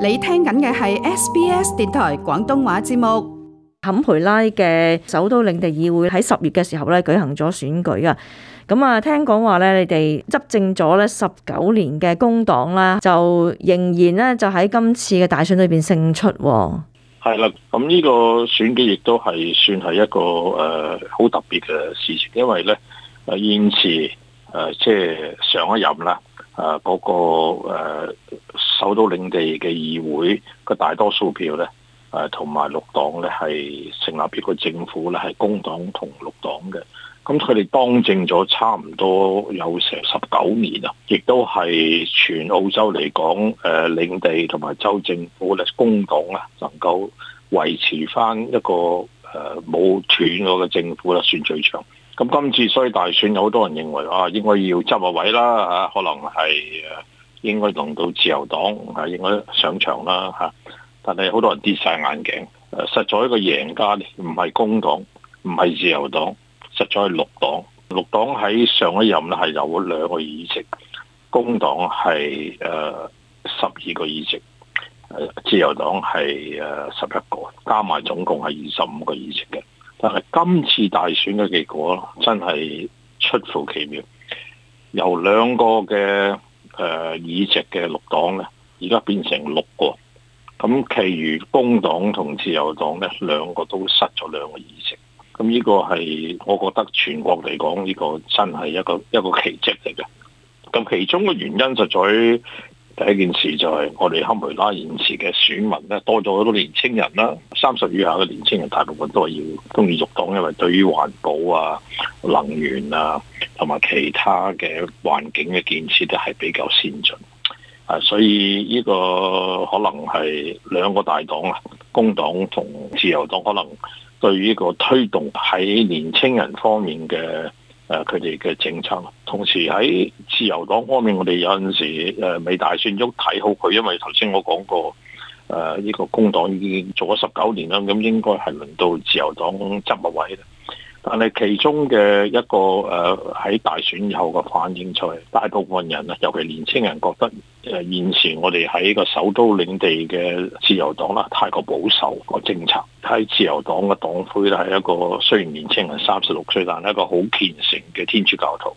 你聽緊嘅係 SBS 電台廣東話節目。坎培拉嘅首都領地議會喺十月嘅時候咧舉行咗選舉啊，咁啊聽講話咧，你哋執政咗咧十九年嘅工黨啦，就仍然咧就喺今次嘅大選裏邊勝出。係啦，咁呢個選舉亦都係算係一個誒好特別嘅事情，因為咧誒現時誒即係上一任啦。誒嗰、啊那個、啊、首都領地嘅議會嘅大多數票咧，誒同埋綠黨咧係成立一個政府咧，係工黨同綠黨嘅，咁佢哋當政咗差唔多有成十九年啊，亦都係全澳洲嚟講誒領地同埋州政府咧工黨啊能夠維持返一個誒冇斷嗰個政府咧算最長。咁今次所以大選有好多人認為啊，應該要執下位啦嚇、啊，可能係誒應該輪到自由黨係、啊、應該上場啦嚇、啊。但係好多人跌晒眼鏡誒、啊，實在一個贏家唔係工黨，唔係自由黨，實在係綠黨。綠黨喺上一任咧係有兩個議席，工黨係誒十二個議席，啊、自由黨係誒十一個，加埋總共係二十五個議席嘅。但係今次大選嘅結果，真係出乎其妙，由兩個嘅誒、呃、議席嘅綠黨呢，而家變成六個，咁其餘工黨同自由黨呢，兩個都失咗兩個議席，咁呢個係我覺得全國嚟講呢個真係一個一個奇蹟嚟嘅。咁其中嘅原因就在、係。第一件事就係我哋坎培拉現時嘅選民咧多咗好多年青人啦，三十以下嘅年青人大部分都係要中意綠黨，因為對於環保啊、能源啊同埋其他嘅環境嘅建設都係比較先進啊，所以呢個可能係兩個大黨啊，工黨同自由黨可能對於呢個推動喺年青人方面嘅。誒佢哋嘅政策，同時喺自由黨方面，我哋有陣時誒未、啊、大算足睇好佢，因為頭先我講過誒呢、啊、個工黨已經做咗十九年啦，咁應該係輪到自由黨執個位咧。但係其中嘅一個誒喺大選以後嘅反應就係，大部分人啊，尤其年青人覺得誒，現時我哋喺個首都領地嘅自由黨啦，太過保守個政策，喺自由黨嘅黨魁咧係一個雖然年青人三十六歲，但係一個好虔誠嘅天主教徒。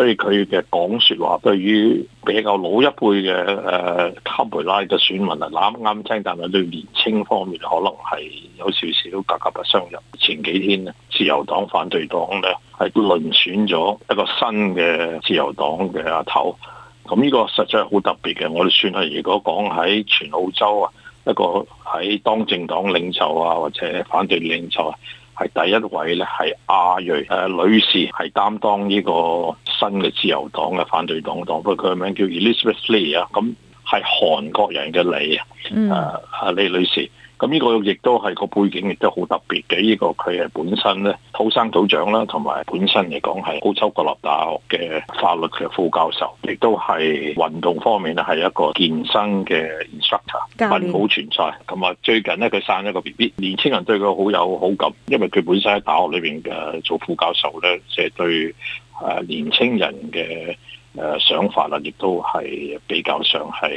所以佢嘅講説話對於比較老一輩嘅誒坎培拉嘅選民啊，啱啱聽，但係對年青方面可能係有少少格格嘅相入。前幾天自由黨反對黨咧係都輪選咗一個新嘅自由黨嘅阿頭，咁呢個實在係好特別嘅。我哋算係如果講喺全澳洲啊，一個喺當政黨領袖啊，或者反對領袖啊。係第一位咧，係亞裔呃女士係擔當呢個新嘅自由黨嘅反對黨黨，不過佢個名叫 Elizabeth Lee 啊，咁係韓國人嘅李啊，啊、呃呃、李女士。咁呢個亦都係個背景，亦都好特別嘅。呢個佢係本身咧土生土長啦，同埋本身嚟講係澳洲國立大學嘅法律嘅副教授，亦都係運動方面咧係一個健身嘅 instructor，奔跑全賽是。咁啊，最近咧佢生咗個 B B，年輕人對佢好有好感，因為佢本身喺大學裏邊嘅做副教授咧，即、就、係、是、對誒年輕人嘅。誒想法啦，亦都係比較上係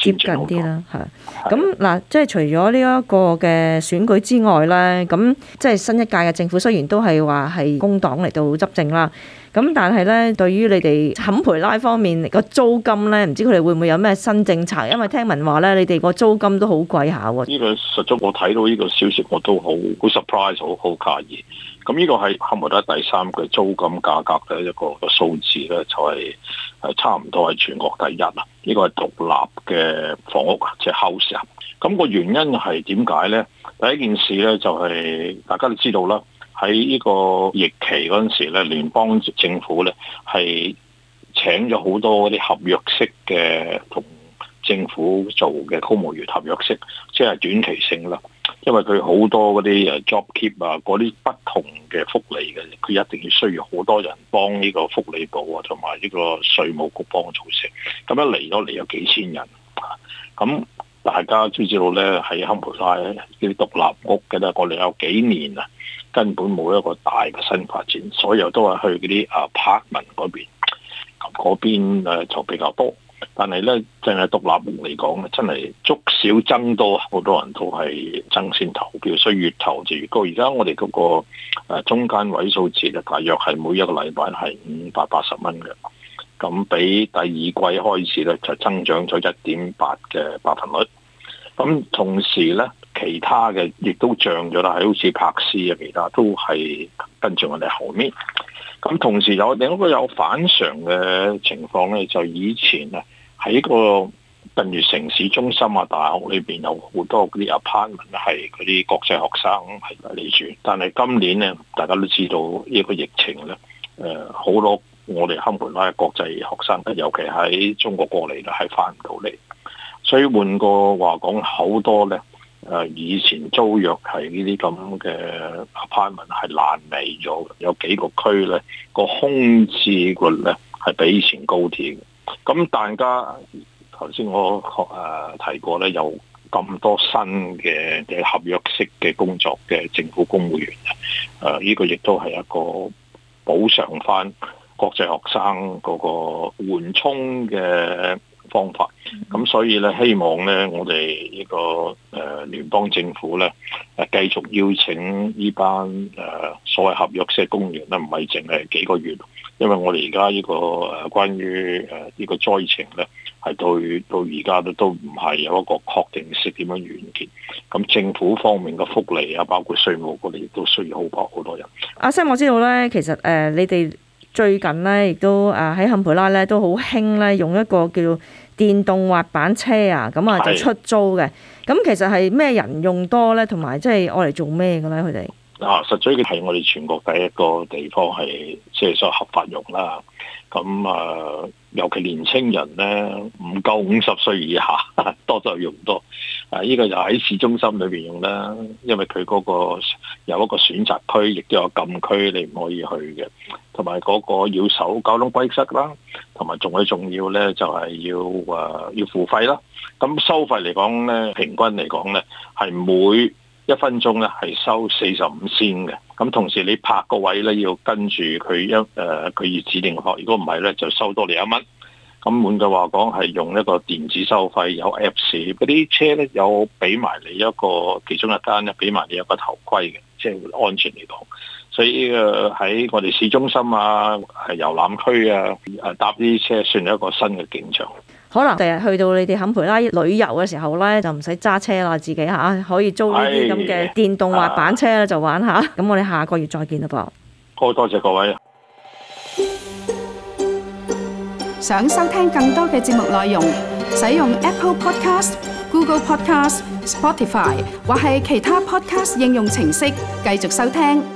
誒接近啲啦。係，咁嗱的，即係除咗呢一個嘅選舉之外咧，咁即係新一屆嘅政府雖然都係話係工黨嚟到執政啦。咁但係咧，對於你哋坎培拉方面個租金咧，唔知佢哋會唔會有咩新政策？因為聽聞話咧，你哋個租金都好貴下、啊、喎。呢個實質我睇到呢個消息，我都好好 surprise，好好介意。咁呢個係坎培拉第三嘅租金價格嘅一個一個數字咧，就係、是、係差唔多係全國第一啊！呢個係獨立嘅房屋即、就是、house 啊。咁、那個原因係點解咧？第一件事咧就係、是、大家都知道啦。喺呢個疫期嗰陣時咧，聯邦政府咧係請咗好多啲合約式嘅同政府做嘅公務員合約式，即係短期性啦。因為佢好多嗰啲誒 job keep 啊，嗰啲不同嘅福利嘅，佢一定要需要好多人幫呢個福利部啊，同埋呢個稅務局幫做事。咁一嚟咗嚟有幾千人，咁。大家知道咧，喺坎培拉啲獨立屋嘅啦，我哋有幾年啊，根本冇一個大嘅新發展，所有都係去嗰啲啊柏文嗰邊，嗰邊誒就比較多。但係咧，淨係獨立屋嚟講咧，真係粥少僧多，好多人都係爭先投票，所以越投就越高。而家我哋嗰個中間位數字咧，大約係每一個禮拜係五百八十蚊嘅。咁比第二季開始咧就增長咗一點八嘅百分率，咁同時咧其他嘅亦都漲咗啦，喺好似柏斯啊，其他都係跟住我哋後面。咁同時有另一個有反常嘅情況咧，就以前啊喺個近住城市中心啊、大學裏邊有好多嗰啲 apartment 係嗰啲國際學生係嚟住，但係今年咧大家都知道呢個疫情咧，誒、呃、好多。我哋坎培拉咧，國際學生尤其喺中國過嚟咧，係翻唔到嚟，所以換個話講，好多咧誒，以前租約係呢啲咁嘅 apartment 係爛尾咗，有幾個區咧個空置率咧係比以前高啲嘅。咁大家頭先我誒提過咧，有咁多新嘅嘅合約式嘅工作嘅政府公務員啊，呢、呢個亦都係一個補償翻。國際學生嗰個緩衝嘅方法，咁所以咧希望咧，我哋呢、這個誒、呃、聯邦政府咧，誒繼續邀請呢班誒、呃、所謂合約式公員咧，唔係淨係幾個月，因為我哋而家呢個誒關於誒呢個災情咧，係到到而家咧都唔係有一個確定係點樣完結。咁政府方面嘅福利啊，包括稅務，我哋亦都需要好多好多人。阿、啊、生，我知道咧，其實誒、呃、你哋。最近咧，亦都啊喺坎培拉咧都好興咧，用一個叫電動滑板車啊，咁啊就出租嘅。咁是的 其實係咩人用多咧？同埋即係愛嚟做咩嘅咧？佢哋？啊，實際係我哋全國第一個地方係即係所謂合法用啦。咁啊，尤其年輕人咧，唔夠五十歲以下多就用多。啊，呢、呢個就喺市中心裏邊用啦，因為佢嗰個有一個選擇區，亦都有禁區，你唔可以去嘅。同埋嗰個要守交通規則啦，同埋仲最重要咧就係要啊要付費啦。咁收費嚟講咧，平均嚟講咧係每一分鐘咧係收四十五仙嘅，咁同時你拍個位咧要跟住佢一誒佢月指定拍，如果唔係咧就收多你一蚊。咁換句話講係用一個電子收費有 apps 嗰啲車咧有俾埋你一個其中一間咧俾埋你一個頭盔嘅，即係安全嚟講。所以呢誒喺我哋市中心啊，係遊覽區啊，誒搭啲車算係一個新嘅景象。可能第日去到你哋坎培拉旅遊嘅時候咧，就唔使揸車啦，自己嚇可以租呢啲咁嘅電動滑板車咧，就玩下。咁我哋下個月再見啦噃。好多謝各位。想收聽更多嘅節目內容，使用 Apple Podcast、Google Podcast、Spotify 或係其他 Podcast 應用程式繼續收聽。